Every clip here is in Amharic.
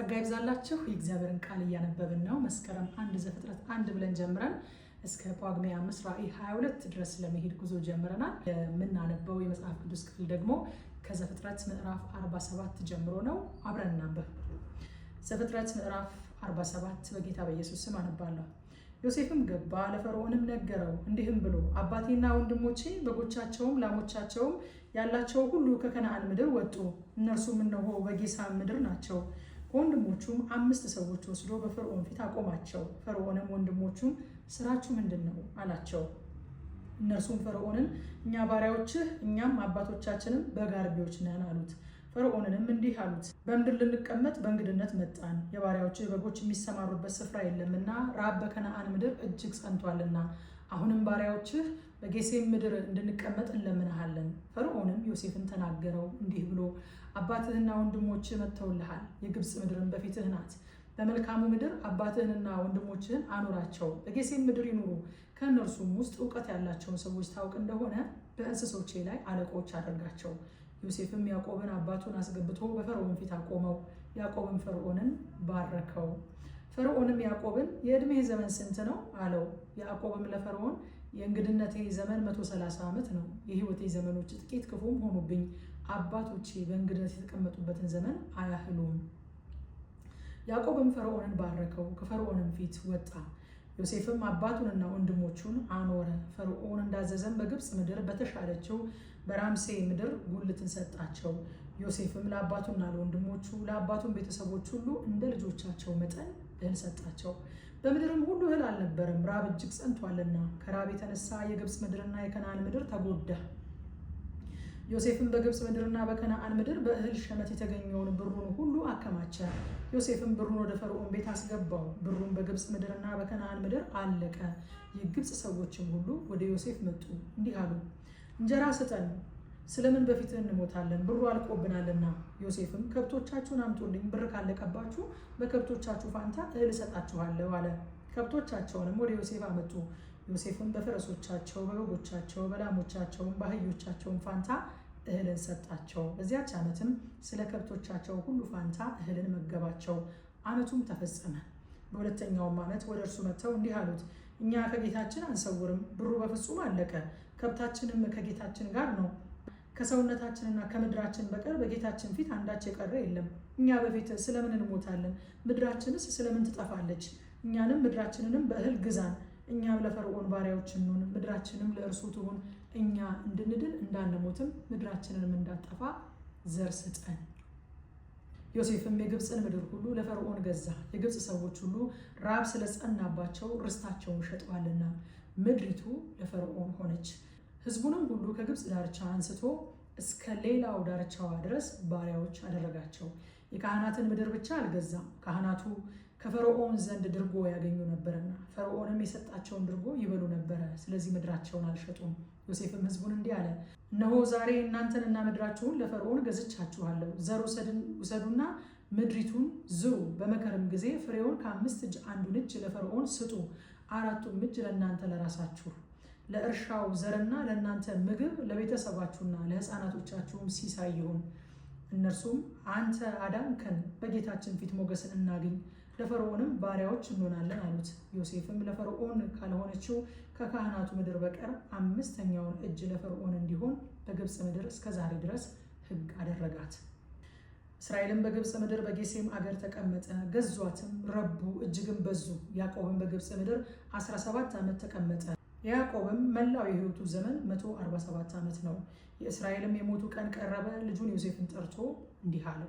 ጸጋ ይብዛላችሁ። የእግዚአብሔርን ቃል እያነበብን ነው። መስከረም አንድ ዘፍጥረት አንድ ብለን ጀምረን እስከ ጳጉሜ አምስት ራዕይ 22 ድረስ ለመሄድ ጉዞ ጀምረናል። የምናነበው የመጽሐፍ ቅዱስ ክፍል ደግሞ ከዘፍጥረት ምዕራፍ 47 ጀምሮ ነው። አብረን እናንብብ። ዘፍጥረት ምዕራፍ 47 በጌታ በኢየሱስ ስም አነባለሁ። ዮሴፍም ገባ፣ ለፈርዖንም ነገረው፣ እንዲህም ብሎ አባቴና ወንድሞቼ በጎቻቸውም ላሞቻቸውም ያላቸው ሁሉ ከከነአን ምድር ወጡ፣ እነርሱም እነሆ በጌሳም ምድር ናቸው ከወንድሞቹም አምስት ሰዎች ወስዶ በፈርዖን ፊት አቆማቸው። ፈርዖንም ወንድሞቹም ስራችሁ ምንድን ነው አላቸው። እነርሱም ፈርዖንን እኛ ባሪያዎችህ እኛም አባቶቻችንም በጋርቢዎች ነን አሉት። ፈርዖንንም እንዲህ አሉት፣ በምድር ልንቀመጥ በእንግድነት መጣን። የባሪያዎችህ በጎች የሚሰማሩበት ስፍራ የለምና ራብ በከነአን ምድር እጅግ ጸንቷልና አሁንም ባሪያዎችህ በጌሴም ምድር እንድንቀመጥ እንለምንሃለን። ፈርዖንም ዮሴፍን ተናገረው እንዲህ ብሎ አባትህና ወንድሞች መጥተውልሃል፣ የግብፅ ምድርን በፊትህ ናት። በመልካሙ ምድር አባትህንና ወንድሞችህን አኖራቸው፣ በጌሴም ምድር ይኑሩ። ከእነርሱም ውስጥ እውቀት ያላቸውን ሰዎች ታውቅ እንደሆነ በእንስሶቼ ላይ አለቆች አደርጋቸው። ዮሴፍም ያዕቆብን አባቱን አስገብቶ በፈርዖን ፊት አቆመው። ያዕቆብን ፈርዖንን ባረከው። ፈርዖንም ያዕቆብን የዕድሜ ዘመን ስንት ነው አለው። ያዕቆብም ለፈርዖን የእንግድነቴ ዘመን 130 ዓመት ነው። የህይወት ዘመኖች ጥቂት ክፉም ሆኑብኝ። አባቶቼ በእንግድነት የተቀመጡበትን ዘመን አያህሉም። ያዕቆብም ፈርዖንን ባረከው፣ ከፈርዖንም ፊት ወጣ። ዮሴፍም አባቱንና ወንድሞቹን አኖረ። ፈርዖን እንዳዘዘም በግብፅ ምድር በተሻለችው በራምሴ ምድር ጉልትን ሰጣቸው። ዮሴፍም ለአባቱና ለወንድሞቹ ለአባቱን ቤተሰቦች ሁሉ እንደ ልጆቻቸው መጠን እህል ሰጣቸው። በምድርም ሁሉ እህል አልነበረም፣ ራብ እጅግ ጸንቷልና። ከራብ የተነሳ የግብፅ ምድርና የከነዓን ምድር ተጎዳ። ዮሴፍም በግብፅ ምድርና በከነዓን ምድር በእህል ሸመት የተገኘውን ብሩን ሁሉ አከማቸ። ዮሴፍም ብሩን ወደ ፈርዖን ቤት አስገባው። ብሩን በግብፅ ምድርና በከነዓን ምድር አለቀ። የግብፅ ሰዎችም ሁሉ ወደ ዮሴፍ መጡ፣ እንዲህ አሉ፦ እንጀራ ስጠን ስለምን በፊት እንሞታለን? ብሩ አልቆብናልና። ዮሴፍም ከብቶቻችሁን አምጡልኝ፣ ብር ካለቀባችሁ በከብቶቻችሁ ፋንታ እህል እሰጣችኋለሁ አለ። ከብቶቻቸውንም ወደ ዮሴፍ አመጡ። ዮሴፍም በፈረሶቻቸው፣ በበጎቻቸው፣ በላሞቻቸውም በአህዮቻቸውም ፋንታ እህልን ሰጣቸው። በዚያች ዓመትም ስለ ከብቶቻቸው ሁሉ ፋንታ እህልን መገባቸው። ዓመቱም ተፈጸመ። በሁለተኛውም ዓመት ወደ እርሱ መጥተው እንዲህ አሉት፣ እኛ ከጌታችን አንሰውርም፣ ብሩ በፍጹም አለቀ፣ ከብታችንም ከጌታችን ጋር ነው ከሰውነታችንና ከምድራችን በቀር በጌታችን ፊት አንዳች የቀረ የለም። እኛ በፊት ስለምን እንሞታለን? ምድራችንስ ስለምን ትጠፋለች? እኛንም ምድራችንንም በእህል ግዛን፣ እኛም ለፈርዖን ባሪያዎች እንሆን፣ ምድራችንም ለእርሱ ትሁን። እኛ እንድንድን እንዳንሞትም ምድራችንንም እንዳጠፋ ዘር ስጠን። ዮሴፍም የግብፅን ምድር ሁሉ ለፈርዖን ገዛ። የግብፅ ሰዎች ሁሉ ራብ ስለጸናባቸው ርስታቸውን ሸጠዋልና ምድሪቱ ለፈርዖን ሆነች። ህዝቡንም ሁሉ ከግብፅ ዳርቻ አንስቶ እስከ ሌላው ዳርቻዋ ድረስ ባሪያዎች አደረጋቸው። የካህናትን ምድር ብቻ አልገዛም፣ ካህናቱ ከፈርዖን ዘንድ ድርጎ ያገኙ ነበርና፣ ፈርዖንም የሰጣቸውን ድርጎ ይበሉ ነበረ። ስለዚህ ምድራቸውን አልሸጡም። ዮሴፍም ህዝቡን እንዲህ አለ፣ እነሆ ዛሬ እናንተንና ምድራችሁን ለፈርዖን ገዝቻችኋለሁ። ዘር ውሰዱና ምድሪቱን ዝሩ። በመከርም ጊዜ ፍሬውን ከአምስት እጅ አንዱን እጅ ለፈርዖን ስጡ፣ አራቱም እጅ ለእናንተ ለራሳችሁ ለእርሻው ዘርና ለእናንተ ምግብ ለቤተሰባችሁና ለሕፃናቶቻችሁም ሲሳይ ይሁን። እነርሱም አንተ አዳንከን፣ በጌታችን ፊት ሞገስን እናግኝ፣ ለፈርዖንም ባሪያዎች እንሆናለን አሉት። ዮሴፍም ለፈርዖን ካልሆነችው ከካህናቱ ምድር በቀር አምስተኛውን እጅ ለፈርዖን እንዲሆን በግብፅ ምድር እስከ ዛሬ ድረስ ሕግ አደረጋት። እስራኤልም በግብፅ ምድር በጌሴም አገር ተቀመጠ፣ ገዟትም፣ ረቡ፣ እጅግም በዙ። ያዕቆብም በግብፅ ምድር 17 ዓመት ተቀመጠ። ያዕቆብም መላው የህይወቱ ዘመን 147 ዓመት ነው። የእስራኤልም የሞቱ ቀን ቀረበ። ልጁን ዮሴፍን ጠርቶ እንዲህ አለው፣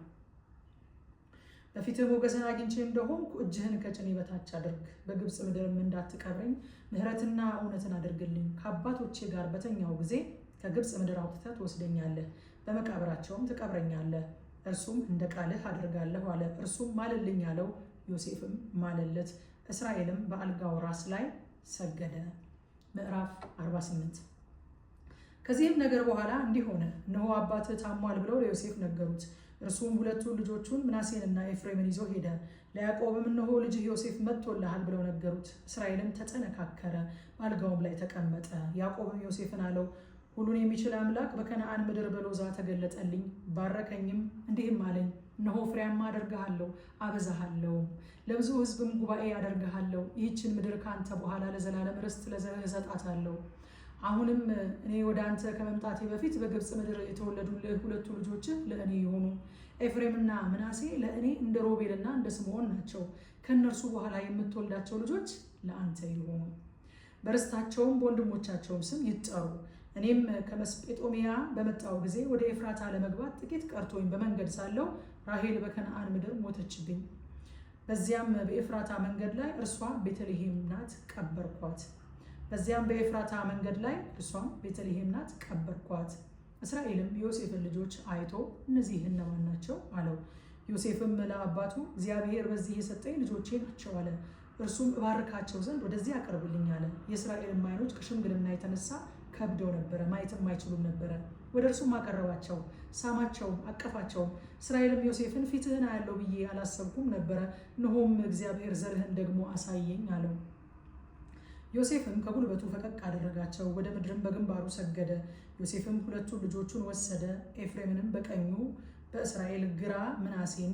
በፊትህ ሞገስን አግኝቼ እንደሆንኩ እጅህን ከጭኔ በታች አድርግ፣ በግብፅ ምድርም እንዳትቀረኝ ምሕረትና እውነትን አድርግልኝ። ከአባቶቼ ጋር በተኛው ጊዜ ከግብፅ ምድር አውጥተህ ትወስደኛለህ፣ በመቃብራቸውም ትቀብረኛለህ። እርሱም እንደ ቃልህ አደርጋለሁ አለ። እርሱም ማለልኝ አለው። ዮሴፍም ማለለት። እስራኤልም በአልጋው ራስ ላይ ሰገደ። ምዕራፍ 48 ከዚህም ነገር በኋላ እንዲህ ሆነ፣ እነሆ አባትህ ታሟል ብለው ለዮሴፍ ነገሩት። እርሱም ሁለቱን ልጆቹን ምናሴንና ኤፍሬምን ይዞ ሄደ። ለያዕቆብም እነሆ ልጅህ ዮሴፍ መጥቶልሃል ብለው ነገሩት። እስራኤልም ተጠነካከረ፣ በአልጋውም ላይ ተቀመጠ። ያዕቆብም ዮሴፍን አለው፣ ሁሉን የሚችል አምላክ በከነአን ምድር በሎዛ ተገለጠልኝ፣ ባረከኝም፣ እንዲህም አለኝ እነሆ ፍሬያማ አደርግሃለሁ፣ አበዛሃለሁ፣ ለብዙ ሕዝብም ጉባኤ አደርግሃለሁ። ይህችን ምድር ከአንተ በኋላ ለዘላለም ርስት እሰጣታለሁ። አሁንም እኔ ወደ አንተ ከመምጣቴ በፊት በግብፅ ምድር የተወለዱልህ ሁለቱ ልጆች ለእኔ የሆኑ ኤፍሬምና ምናሴ ለእኔ እንደ ሮቤልና እንደ ስምዖን ናቸው። ከእነርሱ በኋላ የምትወልዳቸው ልጆች ለአንተ ይሆኑ፣ በርስታቸውም በወንድሞቻቸውም ስም ይጠሩ። እኔም ከመስጴጦሚያ በመጣው ጊዜ ወደ ኤፍራታ ለመግባት ጥቂት ቀርቶኝ በመንገድ ሳለው ራሄል በከነአን ምድር ሞተችብኝ። በዚያም በኤፍራታ መንገድ ላይ እርሷ ቤተልሔም ናት ቀበርኳት። በዚያም በኤፍራታ መንገድ ላይ እርሷም ቤተልሔም ናት ቀበርኳት። እስራኤልም የዮሴፍን ልጆች አይቶ እነዚህ እነማን ናቸው አለው። ዮሴፍም ለአባቱ እግዚአብሔር በዚህ የሰጠኝ ልጆቼ ናቸው አለ። እርሱም እባርካቸው ዘንድ ወደዚህ አቀርብልኝ አለ። የእስራኤልም ዓይኖች ከሽምግልና የተነሳ ከብደው ነበረ፣ ማየትም አይችሉም ነበረ። ወደ እርሱም አቀረባቸው፣ ሳማቸውም፣ አቀፋቸው እስራኤልም ዮሴፍን ፊትህን አያለው ብዬ አላሰብኩም ነበረ፣ እነሆም እግዚአብሔር ዘርህን ደግሞ አሳየኝ አለው። ዮሴፍም ከጉልበቱ ፈቀቅ አደረጋቸው፣ ወደ ምድርም በግንባሩ ሰገደ። ዮሴፍም ሁለቱ ልጆቹን ወሰደ፣ ኤፍሬምንም በቀኙ በእስራኤል ግራ፣ ምናሴን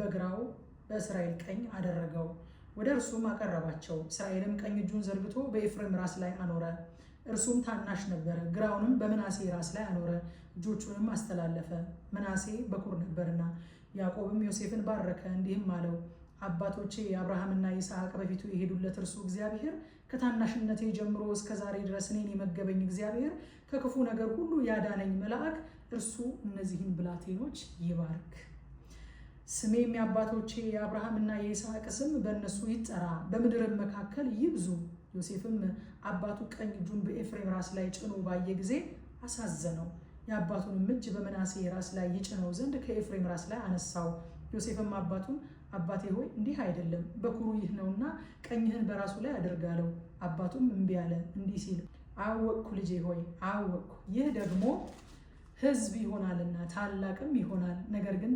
በግራው በእስራኤል ቀኝ አደረገው። ወደ እርሱም አቀረባቸው። እስራኤልም ቀኝ እጁን ዘርግቶ በኤፍሬም ራስ ላይ አኖረ። እርሱም ታናሽ ነበረ። ግራውንም በምናሴ ራስ ላይ አኖረ፣ እጆቹንም አስተላለፈ። ምናሴ በኩር ነበርና። ያዕቆብም ዮሴፍን ባረከ፣ እንዲህም አለው አባቶቼ አብርሃምና ይስሐቅ በፊቱ የሄዱለት እርሱ እግዚአብሔር ከታናሽነቴ ጀምሮ እስከ ዛሬ ድረስ እኔን የመገበኝ እግዚአብሔር ከክፉ ነገር ሁሉ ያዳነኝ መልአክ እርሱ እነዚህን ብላቴኖች ይባርክ። ስሜም የአባቶቼ የአብርሃምና የይስሐቅ ስም በእነሱ ይጠራ፣ በምድርም መካከል ይብዙ። ዮሴፍም አባቱ ቀኝ እጁን በኤፍሬም ራስ ላይ ጭኖ ባየ ጊዜ አሳዘነው። የአባቱንም እጅ በመናሴ ራስ ላይ ይጭነው ዘንድ ከኤፍሬም ራስ ላይ አነሳው። ዮሴፍም አባቱን አባቴ ሆይ እንዲህ አይደለም፣ በኩሩ ይህ ነውና ቀኝህን በራሱ ላይ አድርጋለው። አባቱም እምቢ አለ፣ እንዲህ ሲል አወቅኩ ልጄ ሆይ አወቅኩ። ይህ ደግሞ ሕዝብ ይሆናልና ታላቅም ይሆናል።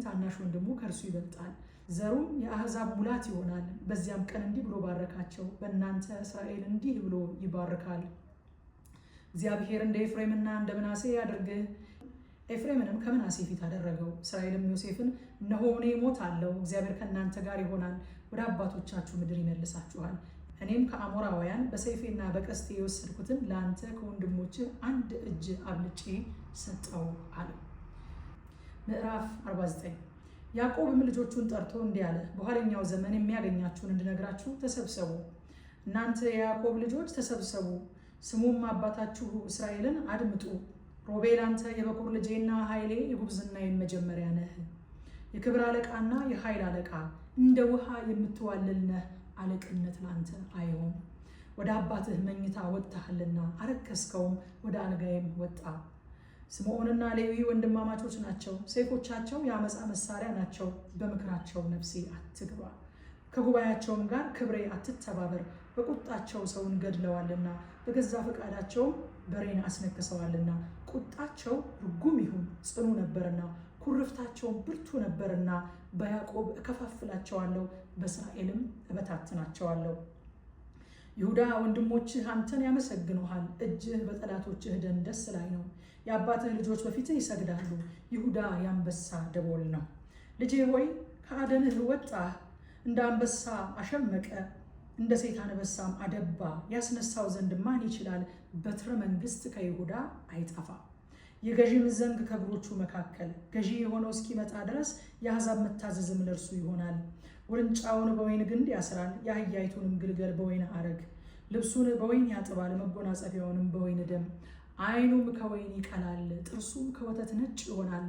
ታናሽ ወንድሙ ከእርሱ ይበልጣል፣ ዘሩም የአሕዛብ ሙላት ይሆናል። በዚያም ቀን እንዲህ ብሎ ባረካቸው፣ በእናንተ እስራኤል እንዲህ ብሎ ይባርካል። እግዚአብሔር እንደ ኤፍሬምና እንደ ምናሴ ያድርግህ። ኤፍሬምንም ከምናሴ ፊት አደረገው። እስራኤልም ዮሴፍን እነሆ እኔ አለው እግዚአብሔር ከእናንተ ጋር ይሆናል፣ ወደ አባቶቻችሁ ምድር ይመልሳችኋል። እኔም ከአሞራውያን በሰይፌና በቀስቴ የወሰድኩትን ለአንተ ከወንድሞችህ አንድ እጅ አብልጬ ሰጠው አለው። ምዕራፍ 49 ያዕቆብም ልጆቹን ጠርቶ እንዲህ አለ፣ በኋለኛው ዘመን የሚያገኛችሁን እንድነግራችሁ ተሰብሰቡ። እናንተ የያዕቆብ ልጆች ተሰብሰቡ፣ ስሙም አባታችሁ እስራኤልን አድምጡ። ሮቤል አንተ የበኩር ልጄና ኃይሌ የጉብዝና የመጀመሪያ ነህ፣ የክብር አለቃና የኃይል አለቃ እንደ ውሃ የምትዋልል ነህ። አለቅነት ለአንተ አይሆን። ወደ አባትህ መኝታ ወጥተሃልና አረከስከውም፣ ወደ አልጋዬም ወጣ ስምዖንና ሌዊ ወንድማማቾች ናቸው፣ ሰይፎቻቸው የአመፃ መሳሪያ ናቸው። በምክራቸው ነፍሴ አትግባ፣ ከጉባኤያቸውም ጋር ክብሬ አትተባበር። በቁጣቸው ሰውን ገድለዋልና በገዛ ፈቃዳቸውም በሬን አስነክሰዋልና። ቁጣቸው ርጉም ይሁን ጽኑ ነበርና ኩርፍታቸውም ብርቱ ነበርና። በያዕቆብ እከፋፍላቸዋለሁ፣ በእስራኤልም እበታትናቸዋለሁ። ይሁዳ ወንድሞችህ አንተን ያመሰግኑሃል፣ እጅህ በጠላቶችህ ደን ደስ ላይ ነው። የአባትህ ልጆች በፊትህ ይሰግዳሉ። ይሁዳ የአንበሳ ደቦል ነው። ልጄ ሆይ ከአደንህ ወጣህ፣ እንደ አንበሳ አሸመቀ፣ እንደ ሴት አንበሳም አደባ። ያስነሳው ዘንድ ማን ይችላል? በትረ መንግስት ከይሁዳ አይጠፋ? የገዢም ዘንግ ከእግሮቹ መካከል። ገዢ የሆነው እስኪመጣ ድረስ የአሕዛብ መታዘዝም ለእርሱ ይሆናል። ውርንጫውን በወይን ግንድ ያስራል፣ የአህያይቱንም ግልገል በወይን አረግ። ልብሱን በወይን ያጥባል፣ መጎናጸፊያውንም በወይን ደም ዓይኑም ከወይን ይቀላል፣ ጥርሱም ከወተት ነጭ ይሆናል።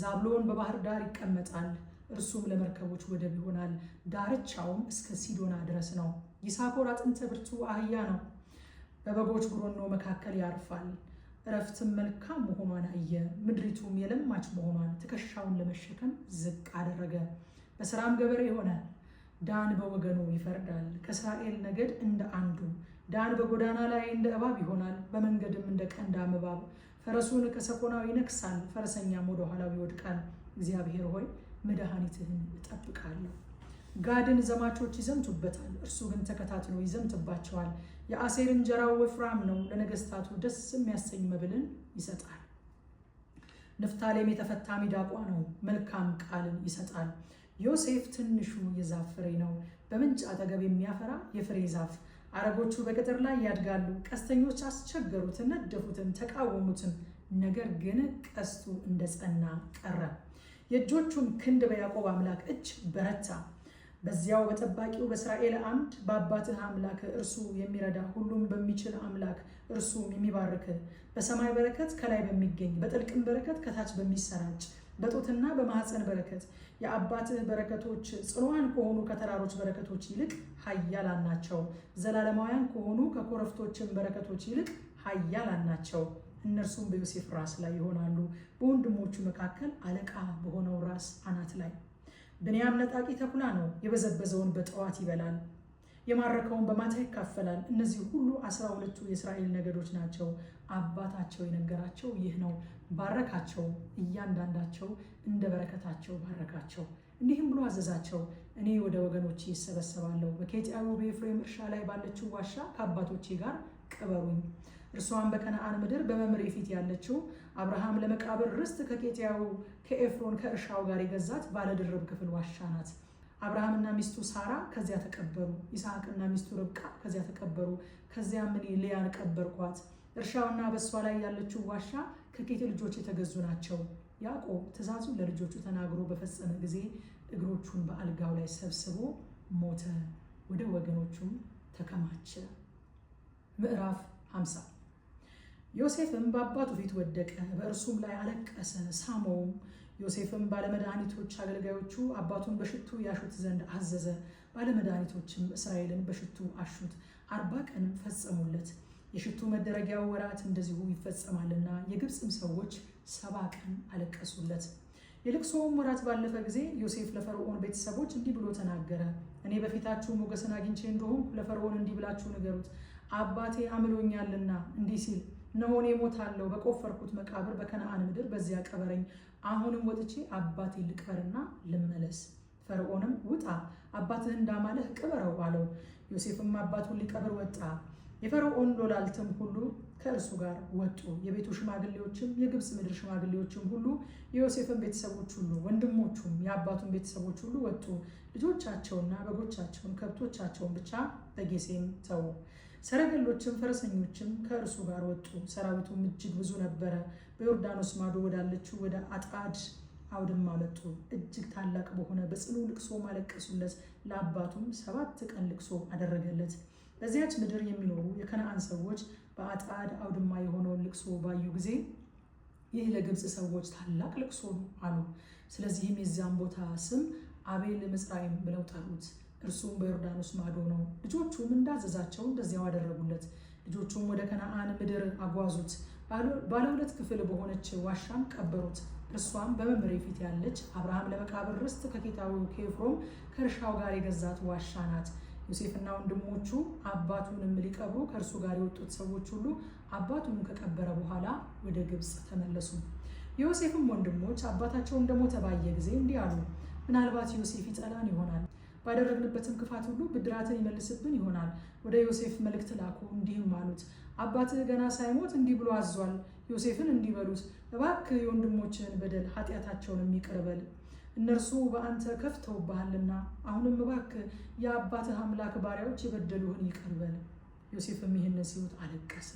ዛብሎን በባህር ዳር ይቀመጣል፣ እርሱም ለመርከቦች ወደብ ይሆናል። ዳርቻውም እስከ ሲዶና ድረስ ነው። ይሳኮር አጥንተ ብርቱ አህያ ነው፣ በበጎች ጉሮኖ መካከል ያርፋል። እረፍትም መልካም መሆኗን አየ፣ ምድሪቱም የለማች መሆኗን ትከሻውን ለመሸከም ዝቅ አደረገ። በስራም ገበሬ ሆነ። ዳን በወገኑ ይፈርዳል፣ ከእስራኤል ነገድ እንደ አንዱ ዳን በጎዳና ላይ እንደ እባብ ይሆናል፣ በመንገድም እንደ ቀንዳም እባብ። ፈረሱን ከሰኮናው ይነክሳል፣ ፈረሰኛም ወደ ኋላው ይወድቃል። እግዚአብሔር ሆይ መድኃኒትህን እጠብቃለሁ። ጋድን ዘማቾች ይዘምቱበታል፣ እርሱ ግን ተከታትሎ ይዘምትባቸዋል። የአሴር እንጀራው ወፍራም ነው፣ ለነገስታቱ ደስ የሚያሰኝ መብልን ይሰጣል። ንፍታሌም የተፈታ ሚዳቋ ነው፣ መልካም ቃልን ይሰጣል። ዮሴፍ ትንሹ የዛፍ ፍሬ ነው፣ በምንጭ አጠገብ የሚያፈራ የፍሬ ዛፍ አረቦቹ በቅጥር ላይ ያድጋሉ። ቀስተኞች አስቸገሩት፣ ነደፉትም፣ ተቃወሙትም። ነገር ግን ቀስቱ እንደ ጸና ቀረ። የእጆቹም ክንድ በያዕቆብ አምላክ እጅ በረታ። በዚያው በጠባቂው በእስራኤል አምድ በአባትህ አምላክ እርሱ የሚረዳ ሁሉም በሚችል አምላክ እርሱም የሚባርክ በሰማይ በረከት ከላይ በሚገኝ በጥልቅም በረከት ከታች በሚሰራጭ በጡትና በማህፀን በረከት የአባት በረከቶች ጽኑዓን ከሆኑ ከተራሮች በረከቶች ይልቅ ኃያላን ናቸው። ዘላለማውያን ከሆኑ ከኮረፍቶችን በረከቶች ይልቅ ኃያላን ናቸው። እነርሱም በዮሴፍ ራስ ላይ ይሆናሉ፣ በወንድሞቹ መካከል አለቃ በሆነው ራስ አናት ላይ። ብንያም ነጣቂ ተኩላ ነው፣ የበዘበዘውን በጠዋት ይበላል። የማረከውን በማታ ይካፈላል። እነዚህ ሁሉ አስራ ሁለቱ የእስራኤል ነገዶች ናቸው። አባታቸው የነገራቸው ይህ ነው። ባረካቸው፣ እያንዳንዳቸው እንደ በረከታቸው ባረካቸው። እንዲህም ብሎ አዘዛቸው፣ እኔ ወደ ወገኖች ይሰበሰባለሁ። በኬጢያዊ በኤፍሬም እርሻ ላይ ባለችው ዋሻ ከአባቶቼ ጋር ቅበሩኝ። እርሷን በከነአን ምድር በመምሬ ፊት ያለችው አብርሃም ለመቃብር ርስት ከኬጢያዊ ከኤፍሮን ከእርሻው ጋር የገዛት ባለድርብ ክፍል ዋሻ ናት። አብርሃምና ሚስቱ ሳራ ከዚያ ተቀበሩ። ይስሐቅና ሚስቱ ርብቃ ከዚያ ተቀበሩ። ከዚያም እኔ ልያን ቀበርኳት። እርሻውና በሷ ላይ ያለችው ዋሻ ከኬት ልጆች የተገዙ ናቸው። ያዕቆብ ትእዛዙን ለልጆቹ ተናግሮ በፈጸመ ጊዜ እግሮቹን በአልጋው ላይ ሰብስቦ ሞተ፣ ወደ ወገኖቹም ተከማቸ። ምዕራፍ 50 ዮሴፍም በአባቱ ፊት ወደቀ፣ በእርሱም ላይ አለቀሰ፣ ሳመውም ዮሴፍም ባለመድኃኒቶች አገልጋዮቹ አባቱን በሽቱ ያሹት ዘንድ አዘዘ። ባለመድኃኒቶችም እስራኤልን በሽቱ አሹት፣ አርባ ቀንም ፈጸሙለት። የሽቱ መደረጊያው ወራት እንደዚሁ ይፈጸማልና የግብፅም ሰዎች ሰባ ቀን አለቀሱለት። የልቅሶውም ወራት ባለፈ ጊዜ ዮሴፍ ለፈርዖን ቤተሰቦች እንዲህ ብሎ ተናገረ። እኔ በፊታችሁ ሞገስን አግኝቼ እንደሆን ለፈርዖን እንዲህ ብላችሁ ንገሩት፣ አባቴ አምሎኛልና እንዲህ ሲል እነሆ እኔ በቆፈርኩት መቃብር በከነአን ምድር በዚያ ቀበረኝ፣ አሁንም ወጥቼ አባቴ ልቅበርና ልመለስ። ፈርዖንም ውጣ፣ አባትህ እንዳማለህ ቅበረው አለው። ዮሴፍም አባቱን ሊቀብር ወጣ። የፈርዖን ሎላልትም ሁሉ ከእርሱ ጋር ወጡ። የቤቱ ሽማግሌዎችም የግብፅ ምድር ሽማግሌዎችም ሁሉ የዮሴፍን ቤተሰቦች ሁሉ ወንድሞቹም የአባቱን ቤተሰቦች ሁሉ ወጡ። ልጆቻቸውና በጎቻቸውን ከብቶቻቸውን ብቻ በጌሴም ተዉ። ሰረገሎችም ፈረሰኞችም ከእርሱ ጋር ወጡ። ሰራዊቱም እጅግ ብዙ ነበረ። በዮርዳኖስ ማዶ ወዳለችው ወደ አጣድ አውድማ መጡ። እጅግ ታላቅ በሆነ በጽኑ ልቅሶ ማለቀሱለት። ለአባቱም ሰባት ቀን ልቅሶ አደረገለት። በዚያች ምድር የሚኖሩ የከነአን ሰዎች በአጣድ አውድማ የሆነውን ልቅሶ ባዩ ጊዜ ይህ ለግብፅ ሰዎች ታላቅ ልቅሶ አሉ። ስለዚህም የዚያን ቦታ ስም አቤል ምጽራይም ብለው ጠሩት። እርሱም በዮርዳኖስ ማዶ ነው። ልጆቹም እንዳዘዛቸው እንደዚያው አደረጉለት። ልጆቹም ወደ ከነአን ምድር አጓዙት። ባለ ሁለት ክፍል በሆነች ዋሻም ቀበሩት። እርሷም በመምሬ ፊት ያለች አብርሃም ለመቃብር ርስት ከኬታዊው ኬፍሮም ከእርሻው ጋር የገዛት ዋሻ ናት። ዮሴፍና ወንድሞቹ አባቱንም ሊቀብሩ ከእርሱ ጋር የወጡት ሰዎች ሁሉ አባቱን ከቀበረ በኋላ ወደ ግብፅ ተመለሱ። የዮሴፍም ወንድሞች አባታቸው እንደሞተ ባየ ጊዜ እንዲህ አሉ፣ ምናልባት ዮሴፍ ይጠላን ይሆናል ባደረግንበትም ክፋት ሁሉ ብድራትን ይመልስብን ይሆናል። ወደ ዮሴፍ መልእክት ላኩ፣ እንዲህም አሉት፣ አባትህ ገና ሳይሞት እንዲህ ብሎ አዟል፣ ዮሴፍን እንዲህ በሉት፣ እባክህ የወንድሞችህን በደል ኃጢአታቸውን የሚቅርበል እነርሱ በአንተ ከፍተውብሃልና፣ አሁንም እባክህ የአባትህ አምላክ ባሪያዎች የበደሉህን ይቅር ዮሴፍም ይህን ሲሉት አለቀሰ።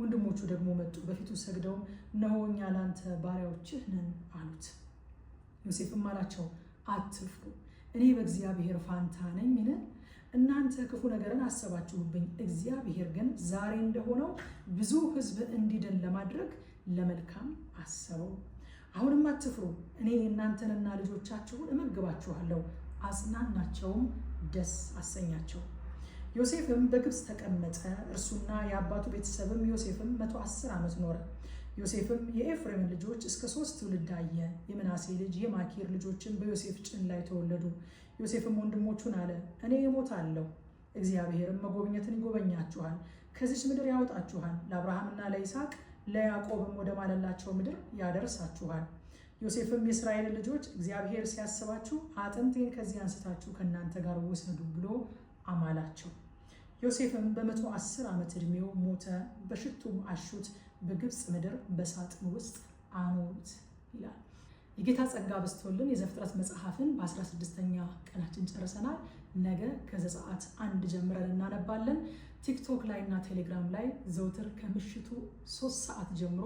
ወንድሞቹ ደግሞ መጡ፣ በፊቱ ሰግደውም እነሆ እኛ ለአንተ ባሪያዎችህ ነን አሉት። ዮሴፍም አላቸው አትፍሩ እኔ በእግዚአብሔር ፋንታ ነኝ እናንተ ክፉ ነገርን አሰባችሁብኝ፣ እግዚአብሔር ግን ዛሬ እንደሆነው ብዙ ሕዝብ እንዲድን ለማድረግ ለመልካም አሰበው። አሁንም አትፍሩ፣ እኔ እናንተንና ልጆቻችሁን እመግባችኋለሁ፣ አጽናናቸውም፣ ደስ አሰኛቸው። ዮሴፍም በግብፅ ተቀመጠ፣ እርሱና የአባቱ ቤተሰብም። ዮሴፍም መቶ አስር ዓመት ኖረ። ዮሴፍም የኤፍሬምን ልጆች እስከ ሶስት ትውልድ አየ። የምናሴ ልጅ የማኪር ልጆችን በዮሴፍ ጭን ላይ ተወለዱ። ዮሴፍም ወንድሞቹን አለ፣ እኔ እሞታለሁ፣ እግዚአብሔርም መጎብኘትን ይጎበኛችኋል፣ ከዚች ምድር ያወጣችኋል፣ ለአብርሃምና ለይስሐቅ ለያዕቆብም ወደ ማለላቸው ምድር ያደርሳችኋል። ዮሴፍም የእስራኤል ልጆች እግዚአብሔር ሲያስባችሁ አጥንቴን ከዚህ አንስታችሁ ከእናንተ ጋር ውሰዱ ብሎ አማላቸው። ዮሴፍም በመቶ አስር ዓመት ዕድሜው ሞተ፣ በሽቱም አሹት። በግብፅ ምድር በሳጥን ውስጥ አኖሩት ይላል። የጌታ ጸጋ በስቶልን የዘፍጥረት መጽሐፍን በ16ኛ ቀናችን ጨርሰናል። ነገ ከዘጸአት አንድ ጀምረን እናነባለን። ቲክቶክ ላይ እና ቴሌግራም ላይ ዘውትር ከምሽቱ ሶስት ሰዓት ጀምሮ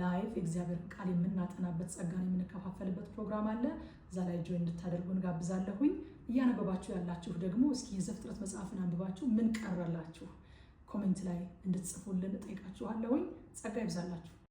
ላይቭ የእግዚአብሔር ቃል የምናጠናበት ጸጋን የምንከፋፈልበት ፕሮግራም አለ። እዛ ላይ ጆይ እንድታደርጉ እንጋብዛለሁኝ። እያነበባችሁ ያላችሁ ደግሞ እስኪ የዘፍጥረት መጽሐፍን አንብባችሁ ምን ቀረላችሁ ኮሜንት ላይ እንድትጽፉልን እጠይቃችኋለሁኝ። ጸጋ ይብዛላችሁ።